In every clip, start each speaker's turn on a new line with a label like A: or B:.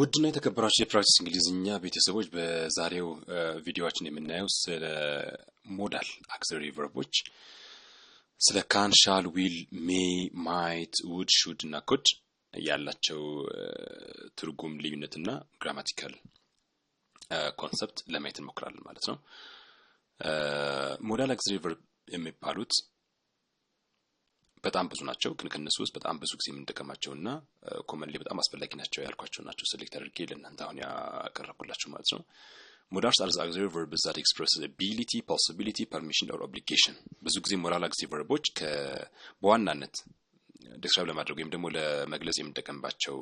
A: ውድና የተከበራችሁ የፕራክቲስ እንግሊዝኛ ቤተሰቦች በዛሬው ቪዲዮችን የምናየው ስለ ሞዳል አክሰሪ ቨርቦች ስለ ካን፣ ሻል፣ ዊል፣ ሜይ፣ ማይት፣ ውድ፣ ሹድ እና ኮድ ያላቸው ትርጉም ልዩነትና ግራማቲካል ኮንሰፕት ለማየት እንሞክራለን ማለት ነው። ሞዳል አክሰሪ ቨርብ የሚባሉት በጣም ብዙ ናቸው፣ ግን ከነሱ ውስጥ በጣም ብዙ ጊዜ የምንጠቀማቸውና ኮመንሊ በጣም አስፈላጊ ናቸው ያልኳቸው ናቸው ሴሌክት አድርጌ ለእናንተ አሁን ያቀረብኩላችሁ ማለት ነው። ሞዳርስ አርዛ ጊዜ ቨርብ ዛት ኤክስፕረስ አቢሊቲ ፖስቢሊቲ ፐርሚሽን ኦር ኦብሊጌሽን። ብዙ ጊዜ ሞዳል አግዚሪ ቨርቦች በዋናነት ዲስክራብ ለማድረግ ወይም ደግሞ ለመግለጽ የምንጠቀምባቸው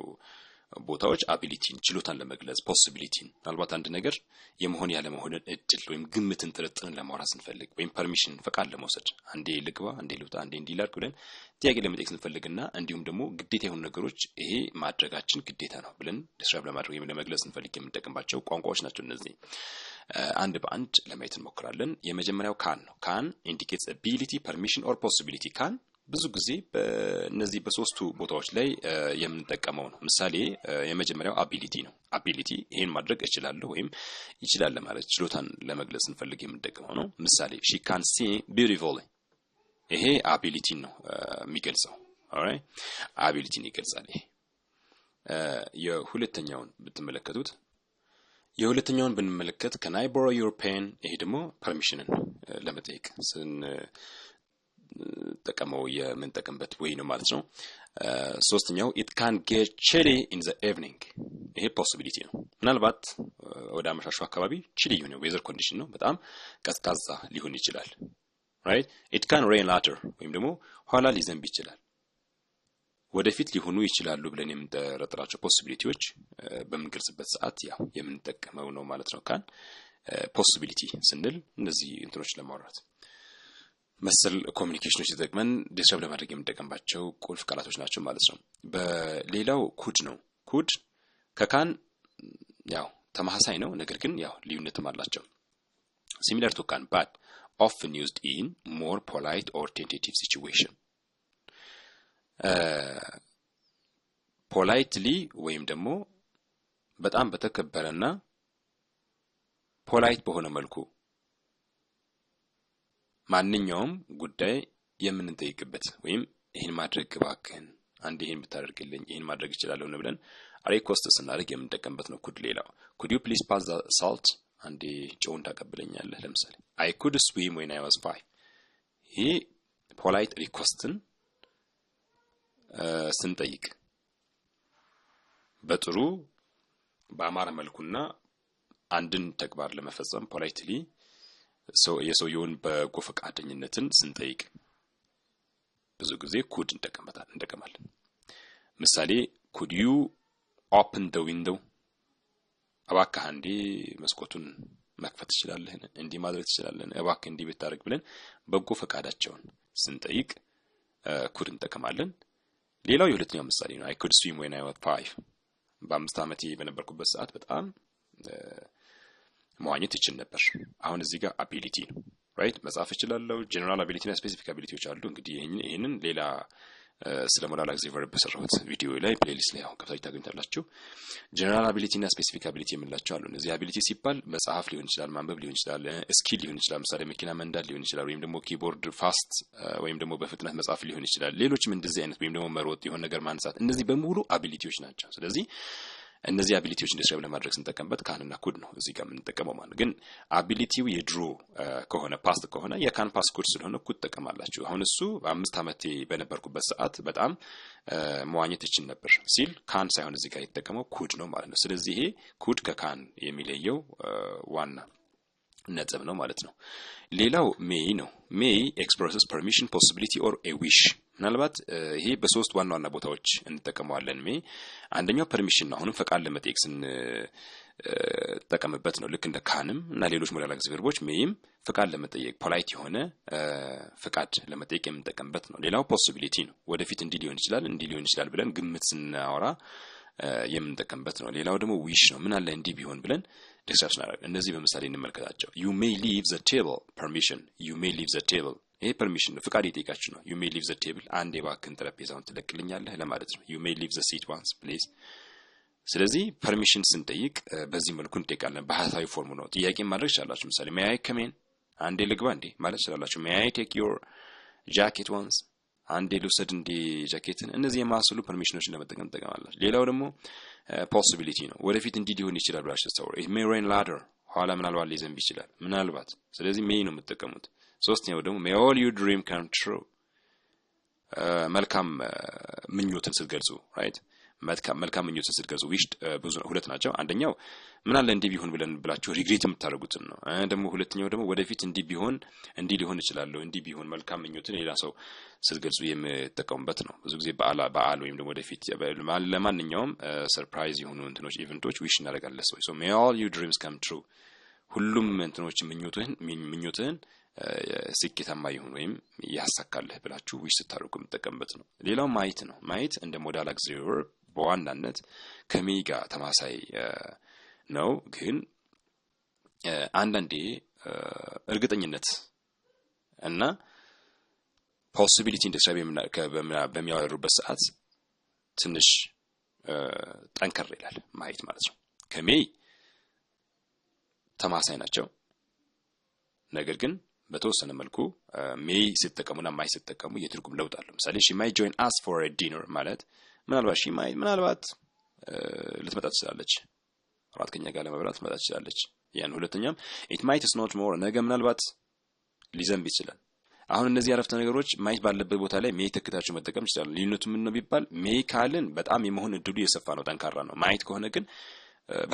A: ቦታዎች አቢሊቲን ችሎታን ለመግለጽ ፖስቢሊቲን ምናልባት አንድ ነገር የመሆን ያለመሆንን እድል ወይም ግምትን ጥርጥርን ለማውራት ስንፈልግ ወይም ፐርሚሽን ፈቃድ ለመውሰድ አንዴ ልግባ፣ አንዴ ልውጣ፣ አንዴ እንዲላድግ ብለን ጥያቄ ለመጠየቅ ስንፈልግና እንዲሁም ደግሞ ግዴታ የሆኑ ነገሮች ይሄ ማድረጋችን ግዴታ ነው ብለን ዲስክራይብ ለማድረግ ወይም ለመግለጽ ስንፈልግ የምንጠቀምባቸው ቋንቋዎች ናቸው እነዚህ። አንድ በአንድ ለማየት እንሞክራለን። የመጀመሪያው ካን ነው። ካን ኢንዲኬትስ አቢሊቲ ፐርሚሽን ኦር ፖስቢሊቲ ካን ብዙ ጊዜ እነዚህ በሶስቱ ቦታዎች ላይ የምንጠቀመው ነው። ምሳሌ የመጀመሪያው አቢሊቲ ነው። አቢሊቲ ይሄን ማድረግ እችላለሁ ወይም ይችላል ለማለት ችሎታን ለመግለጽ ስንፈልግ የምንጠቀመው ነው። ምሳሌ ሺ ካን ሲንግ ቢዩቲፉሊ ይሄ አቢሊቲን ነው የሚገልጸው። አቢሊቲን ይገልጻል። ይሄ የሁለተኛውን ብትመለከቱት የሁለተኛውን ብንመለከት ከናይ ቦሮ ይሄ ደግሞ ፐርሚሽንን ለመጠየቅ ስን የምንጠቀመው የምንጠቀምበት ወይ ነው ማለት ነው። ሶስተኛው ኢት ካን ጌት ቺሊ ኢን ዘ ኤቭኒንግ ይሄ ፖሲቢሊቲ ነው። ምናልባት ወደ አመሻሹ አካባቢ ቺሊ የሆነ ዌዘር ኮንዲሽን ነው፣ በጣም ቀዝቃዛ ሊሆን ይችላል። ራይት ኢት ካን ሬን ላተር ወይም ደግሞ ኋላ ሊዘንብ ይችላል። ወደፊት ሊሆኑ ይችላሉ ብለን የምንጠረጥራቸው ፖሲቢሊቲዎች በምንገልጽበት ሰዓት ያው የምንጠቀመው ነው ማለት ነው። ካን ፖሲቢሊቲ ስንል እነዚህ እንትኖች ለማውራት መሰል ኮሚኒኬሽኖች ተጠቅመን ዲስረብ ለማድረግ የምንጠቀምባቸው ቁልፍ ቃላቶች ናቸው ማለት ነው። በሌላው ኩድ ነው። ኩድ ከካን ያው ተመሳሳይ ነው፣ ነገር ግን ያው ልዩነትም አላቸው። ሲሚላር ቱ ካን ባት ኦፍን ዩዝድ ኢን ሞር ፖላይት ኦር ቴንቴቲቭ ሲቹዌሽን ፖላይትሊ ወይም ደግሞ በጣም በተከበረና ፖላይት በሆነ መልኩ ማንኛውም ጉዳይ የምንጠይቅበት ወይም ይህን ማድረግ እባክህን አንድ ይህን ብታደርግልኝ ይህን ማድረግ እችላለሁ ብለን ሪኮስት ስናደርግ የምንጠቀምበት ነው። ኩድ ሌላው ኩድ ዩ ፕሊዝ ፓስ ዘ ሳልት፣ አንዴ ጨውን ታቀብለኛለህ። ለምሳሌ አይ ኩድ ስዊም ወይን አይ ዋዝ ፋይቭ። ይህ ፖላይት ሪኮስትን ስንጠይቅ በጥሩ በአማረ መልኩና አንድን ተግባር ለመፈጸም ፖላይትሊ የሰውየውን በጎ ፈቃደኝነትን ስንጠይቅ ብዙ ጊዜ ኩድ እንጠቀማለን። ምሳሌ ኩድ ዩ ኦፕን ደ ዊንዶው፣ እባክህ አንዴ መስኮቱን መክፈት ትችላለህን? እንዲህ ማድረግ ትችላለህ፣ እባክህ እንዲህ ብታደርግ ብለን በጎ ፈቃዳቸውን ስንጠይቅ ኩድ እንጠቀማለን። ሌላው የሁለተኛው ምሳሌ ነው። አይ ኩድ ስዊም ወይን አይ ዋዝ ፋይቭ። በአምስት ዓመቴ በነበርኩበት ሰዓት በጣም መዋኘት ይችል ነበር። አሁን እዚህ ጋር አቢሊቲ ነው ራይት። መጻፍ እችላለሁ። ጀኔራል አቢሊቲ እና ስፔሲፊክ አቢሊቲዎች አሉ። እንግዲህ ይህንን ሌላ ስለ ሞዳል አክሲቭ ቨርብ በሰራሁት ቪዲዮ ላይ ፕሌሊስት ላይ አሁን ከብታች ታገኝታላችሁ። ጀነራል አቢሊቲ እና ስፔሲፊክ አቢሊቲ የምንላቸው አሉ። እነዚህ አቢሊቲ ሲባል መጽሐፍ ሊሆን ይችላል፣ ማንበብ ሊሆን ይችላል፣ ስኪል ሊሆን ይችላል። ምሳሌ መኪና መንዳት ሊሆን ይችላል፣ ወይም ደግሞ ኪቦርድ ፋስት ወይም ደግሞ በፍጥነት መጽሐፍ ሊሆን ይችላል። ሌሎችም እንደዚህ አይነት ወይም ደግሞ መሮጥ የሆነ ነገር ማንሳት፣ እነዚህ በሙሉ አቢሊቲዎች ናቸው። ስለዚህ እነዚህ አቢሊቲዎች እንዲስራብ ለማድረግ ስንጠቀምበት ካንና ኩድ ነው እዚህ ጋር የምንጠቀመው ማለት ግን አቢሊቲው የድሮ ከሆነ ፓስት ከሆነ ፓስ ኩድ ስለሆነ ኩድ ጠቀማላችሁ። አሁን እሱ አምስት ዓመቴ በነበርኩበት ሰዓት በጣም መዋኘት እችል ነበር ሲል ካን ሳይሆን እዚህ ጋር የተጠቀመው ኩድ ነው ማለት ነው። ስለዚህ ይሄ ኩድ ከካን የሚለየው ዋና ነጥብ ነው ማለት ነው። ሌላው ሜይ ነው። ሜይ ኤክስፕረስስ ፐርሚሽን ፖሲቢሊቲ ኦር ኤ ዊሽ ምናልባት ይሄ በሶስት ዋና ዋና ቦታዎች እንጠቀመዋለን። ሜ አንደኛው ፐርሚሽን ነው። አሁንም ፈቃድ ለመጠየቅ ስንጠቀምበት ነው። ልክ እንደ ካንም እና ሌሎች ሞዳል አክሲቨርቦች ቨርቦች ሜይም ፈቃድ ለመጠየቅ ፖላይት የሆነ ፈቃድ ለመጠየቅ የምንጠቀምበት ነው። ሌላው ፖሲቢሊቲ ነው። ወደፊት እንዲህ ሊሆን ይችላል፣ እንዲህ ሊሆን ይችላል ብለን ግምት ስናወራ የምንጠቀምበት ነው። ሌላው ደግሞ ዊሽ ነው። ምን አለ እንዲህ ቢሆን ብለን ዲስካስ እናደርጋለን። እነዚህ በምሳሌ እንመልከታቸው። ዩ ሜይ ሊቭ ዘ ቴብል ፐርሚሽን ዩ ሜይ ሊቭ ዘ ቴብል ይሄ ፐርሚሽን ነው፣ ፍቃድ የጠየቃችሁ ነው። ዩ ሜይ ሊቭ ዘ ቴብል፣ አንድ የባክን ጠረጴዛውን ትለቅልኛለህ ለማለት ነው። ዩ ሜይ ሊቭ ዘ ሲት ዋንስ ፕሌስ። ስለዚህ ፐርሚሽን ስንጠይቅ በዚህ መልኩ እንጠይቃለን። በሀሳዊ ፎርሙ ነው። ጥያቄ ማድረግ ይችላላችሁ። ምሳሌ ሜይ አይ ከሜን፣ አንዴ ልግባ እንዴ ማለት ይችላላችሁ። ሜይ አይ ቴክ ዮር ጃኬት ዋንስ፣ አንዴ ልውሰድ እንዴ ጃኬትን። እነዚህ የማስሉ ፐርሚሽኖችን ለመጠቀም ትጠቀማላችሁ። ሌላው ደግሞ ፖሲቢሊቲ ነው። ወደፊት እንዲህ ሊሆን ይችላል ብላችሁ ተሰውሩ። ተሰውረ ሜይ ሬን ላደር፣ ኋላ ምናልባት ሊዘንብ ይችላል ምናልባት። ስለዚህ ሜይ ነው የምትጠቀሙት። ሶስተኛው ደግሞ ሜይ ኦል ዩ ድሪም ካም ትሩ መልካም ምኞትን ስትገልጹ ራይት መልካም ምኞትን ስትገልጹ ዊሽ ብዙ ሁለት ናቸው። አንደኛው ምን አለ እንዲህ ቢሆን ብለን ብላችሁ ሪግሬት የምታደርጉትን ነው። ደግሞ ሁለተኛው ደግሞ ወደፊት እንዲህ ቢሆን እንዲህ ሊሆን እችላለሁ እንዲህ ቢሆን መልካም ምኞትን ሌላ ሰው ስትገልጹ የምጠቀሙበት ነው። ብዙ ጊዜ በዓል ወይም ደግሞ ወደፊት ለማንኛውም ሰርፕራይዝ የሆኑ እንትኖች ኢቨንቶች ዊሽ እናደርጋለን ሰዎች ሜይ ኦል ዩ ድሪምስ ካም ትሩ ሁሉም እንትኖች ምኞትህን ምኞትህን ስኬታማ ይሁን ወይም ያሳካልህ ብላችሁ ዊሽ ስታደርጉ የምጠቀምበት ነው። ሌላው ማየት ነው። ማየት እንደ ሞዳል አግዚለሬተር በዋናነት ከሜይ ጋር ተማሳይ ነው፣ ግን አንዳንዴ እርግጠኝነት እና ፖሲቢሊቲ ኢንደስትሪ በሚያወሩበት ሰዓት ትንሽ ጠንከር ይላል ማየት ማለት ነው። ከሜይ ተማሳይ ናቸው ነገር ግን በተወሰነ መልኩ ሜይ ሲጠቀሙና ማይ ስጠቀሙ የትርጉም ለውጥ አለው። ምሳሌ ሺ ማይ ጆይን አስ ፎር ዲነር ማለት ምናልባት ሺ ማይ ምናልባት ልትመጣ ትችላለች፣ እራት ከኛ ጋር ለመብላት ትመጣ ትችላለች። ያን ሁለተኛም ኢት ማይት ስኖት ሞር ነገ ምናልባት ሊዘንብ ይችላል። አሁን እነዚህ አረፍተ ነገሮች ማየት ባለበት ቦታ ላይ ሜይ ተክታችሁ መጠቀም ይችላሉ። ልዩነቱ ምን ነው ቢባል ሜይ ካልን በጣም የመሆን እድሉ የሰፋ ነው፣ ጠንካራ ነው። ማየት ከሆነ ግን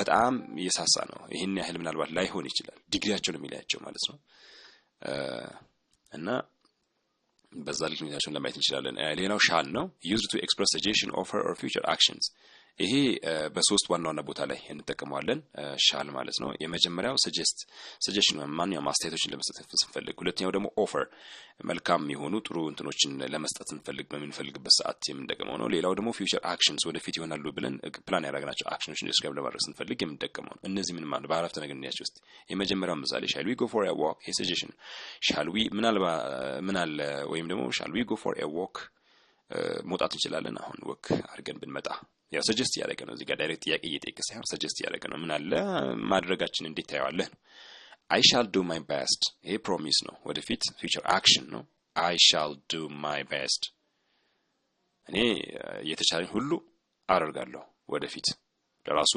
A: በጣም እየሳሳ ነው። ይህን ያህል ምናልባት ላይሆን ይችላል። ዲግሪያቸው ነው የሚለያቸው ማለት ነው። እና በዛ ልክ ሁኔታቸውን ለማየት እንችላለን። ሌላው ሻል ነው ዩዝድ ቱ ኤክስፕረስ ሰጀሽን ኦፈር ኦር ፊውቸር አክሽንስ ይሄ በሶስት ዋና ዋና ቦታ ላይ እንጠቀመዋለን ሻል ማለት ነው። የመጀመሪያው ሰጀስት ሰጀሽን ማንኛውም አስተያየቶችን ለመስጠት ስንፈልግ፣ ሁለተኛው ደግሞ ኦፈር መልካም የሆኑ ጥሩ እንትኖችን ለመስጠት ስንፈልግ በምንፈልግበት ሰዓት የምንጠቀመው ነው። ሌላው ደግሞ ፊውቸር አክሽንስ ወደፊት ይሆናሉ ብለን ፕላን ያደረግናቸው አክሽኖች ዲስክራይብ ለማድረግ ስንፈልግ የምንጠቀመው ነው። እነዚህ ምን ማለት በአረፍተ ነገር እንያቸው ውስጥ የመጀመሪያው ምሳሌ ሻል ዊ ጎ ፎር ኤ ዋክ የሰጀሽን ሻል ዊ ምናልባ ምን አለ ወይም ደግሞ ሻል ዊ ጎ ፎር ኤ ዋክ መውጣት እንችላለን አሁን ወክ አድርገን ብንመጣ ያው ሰጀስት እያደረገ ነው። እዚህ ጋር ዳይሬክት ጥያቄ እየጠየቀ ሳይሆን ሰጀስት እያደረገ ነው። ምን አለ ማድረጋችን እንዴት ታየዋለህ ነው። አይ ሻል ዱ ማይ ቤስት፣ ይሄ ፕሮሚስ ነው፣ ወደፊት ፊውቸር አክሽን ነው። አይ ሻል ዱ ማይ ቤስት እኔ የተቻለኝ ሁሉ አደርጋለሁ ወደፊት ለራሱ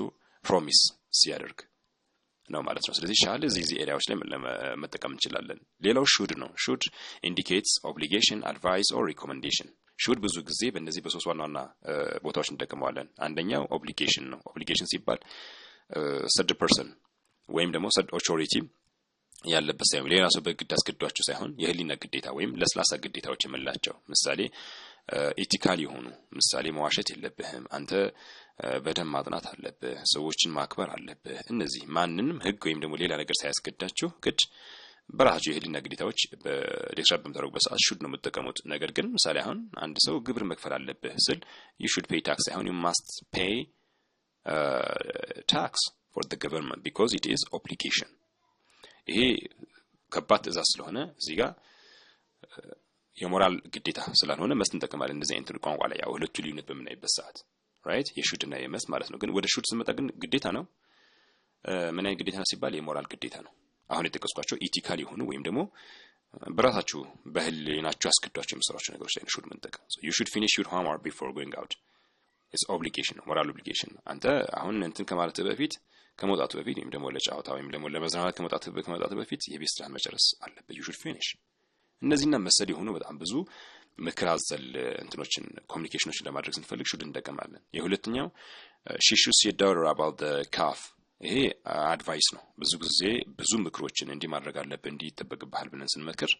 A: ፕሮሚስ ሲያደርግ ነው ማለት ነው። ስለዚህ ሻል እዚህ እዚህ ኤሪያዎች ላይ መጠቀም እንችላለን። ሌላው ሹድ ነው። ሹድ ኢንዲኬትስ ኦብሊጌሽን፣ አድቫይስ ኦር ሪኮመንዴሽን ሹድ ብዙ ጊዜ በእነዚህ በሶስት ዋና ዋና ቦታዎች እንጠቅመዋለን። አንደኛው ኦብሊጌሽን ነው። ኦብሊጌሽን ሲባል ሰርድ ፐርሰን ወይም ደግሞ ሰርድ ኦቾሪቲ ያለበት ሳይሆን ሌላ ሰው በግድ አስገዷቸው ሳይሆን የህሊና ግዴታ ወይም ለስላሳ ግዴታዎች የምላቸው ምሳሌ ኢቲካል የሆኑ ምሳሌ መዋሸት የለብህም አንተ በደንብ ማጥናት አለብህ፣ ሰዎችን ማክበር አለብህ። እነዚህ ማንንም ህግ ወይም ደግሞ ሌላ ነገር ሳያስገዳቸው ግድ በራሳቸው የህሊና ግዴታዎች በዴስክቶፕ በምታደርጉበት ሰዓት ሹድ ነው የምትጠቀሙት። ነገር ግን ምሳሌ አሁን አንድ ሰው ግብር መክፈል አለብህ ስል ዩ ሹድ ፔይ ታክስ ሳይሆን ዩ ማስት ፔይ ታክስ ፎር ዘ ገቨርንመንት ቢኮዝ ኢት ኢዝ ኦብሊጌሽን ይሄ ከባድ ትእዛዝ ስለሆነ እዚህ ጋር uh, የሞራል ግዴታ ስላልሆነ መስት እንጠቀማለን። እንደዚህ አይነት ቋንቋ ላይ ያው ሁለቱ ልዩነት በምናይበት ሰዓት ራይት የሹድ እና የመስት ማለት ነው። ግን ወደ ሹድ ስመጣ ግን ግዴታ ነው። uh, ምን አይነት ግዴታ ነው ሲባል የሞራል ግዴታ ነው። አሁን የጠቀስኳቸው ኢቲካል የሆኑ ወይም ደግሞ uh, በራሳችሁ በህሊናችሁ አስገዷቸው የሚሰሯቸው ነገሮች ላይ ሹድ መንጠቀም ዩ ሹድ ፊኒሽ ዩር ሆምወርክ ቢፎር ጎይንግ አውት ኢትስ ኦብሊጌሽን ነው፣ ሞራል ኦብሊጌሽን አንተ አሁን እንትን ከማለት በፊት ከመውጣቱ በፊት ወይም ደግሞ ለጨዋታ ወይም ደግሞ ለመዝናናት ከመውጣት ከመውጣቱ በፊት የቤት ስራን መጨረስ አለበት። ዩ ሹድ ፊኒሽ። እነዚህና መሰል የሆኑ በጣም ብዙ ምክር አዘል እንትኖችን ኮሚኒኬሽኖችን ለማድረግ ስንፈልግ ሹድ እንጠቀማለን። የሁለተኛው ሺ ሹድ ሲት ዳውን አባውት ዘ ካፍ ይሄ አድቫይስ ነው። ብዙ ጊዜ ብዙ ምክሮችን እንዲህ ማድረግ አለብህ እንዲህ ይጠበቅብሃል ብለን ስንመክር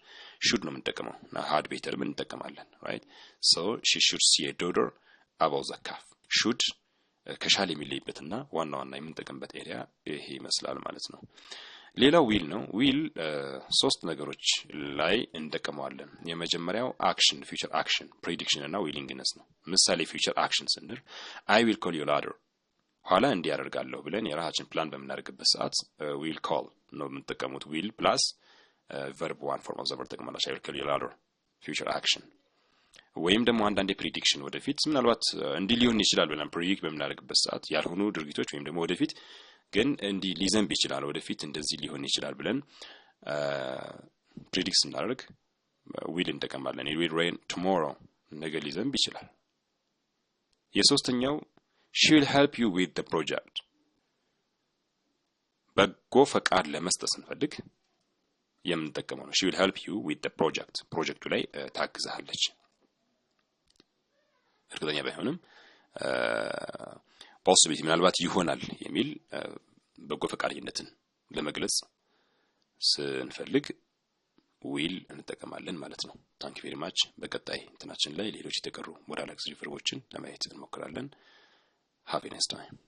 A: ሹድ ነው የምንጠቀመው ሀድ ቤተርም እንጠቀማለን። ራይት ሶ ሺ ሹድ ሲ ዶተር አባው ዘካፍ ሹድ ከሻል የሚለይበትና ዋና ዋና የምንጠቀምበት ኤሪያ ይሄ ይመስላል ማለት ነው። ሌላው ዊል ነው። ዊል ሶስት ነገሮች ላይ እንጠቀመዋለን። የመጀመሪያው አክሽን ፊውቸር አክሽን ፕሬዲክሽን እና ዊሊንግነስ ነው። ምሳሌ ፊውቸር አክሽን ስንል አይ ዊል ኮል ዩ ላደር ኋላ እንዲህ ያደርጋለሁ ብለን የራሳችን ፕላን በምናደርግበት ሰዓት ዊል ኮል ነው የምንጠቀሙት። ዊል ፕላስ ቨርብ ዋን ፎርም ኦፍ ዘ ቨርብ ተቀማላሽ ይላሉ ፊውቸር አክሽን ወይም ደግሞ አንዳንዴ ፕሪዲክሽን ወደፊት ምናልባት እንዲህ ሊሆን ይችላል ብለን ፕሪዲክት በምናደርግበት ሰዓት ያልሆኑ ድርጊቶች ወይም ደግሞ ወደፊት ግን እንዲህ ሊዘንብ ይችላል፣ ወደፊት እንደዚህ ሊሆን ይችላል ብለን ፕሪዲክት ስናደርግ ዊል እንጠቀማለን። ዊል ሬን ቱሞሮ ነገ ሊዘንብ ይችላል። የሶስተኛው ሺ ዊል ሄልፕ ዩ ዊዝ ዘ ፕሮጀክት። በጎ ፈቃድ ለመስጠት ስንፈልግ የምንጠቀመው ነው። ሺ ዊል ሄልፕ ዩ ዊዝ ዘ ፕሮጀክት፣ ፕሮጀክቱ ላይ ታግዛለች። እርግጠኛ ባይሆንም ፖሲቢሊቲ ምናልባት ይሆናል የሚል በጎ ፈቃደኝነትን ለመግለጽ ስንፈልግ ዊል እንጠቀማለን ማለት ነው። ታንክ ቬሪ ማች። በቀጣይ እንትናችን ላይ ሌሎች የተቀሩ ሞዳል አክሲቲቭ ቨርቦችን ለማየት እንሞክራለን። happiness time.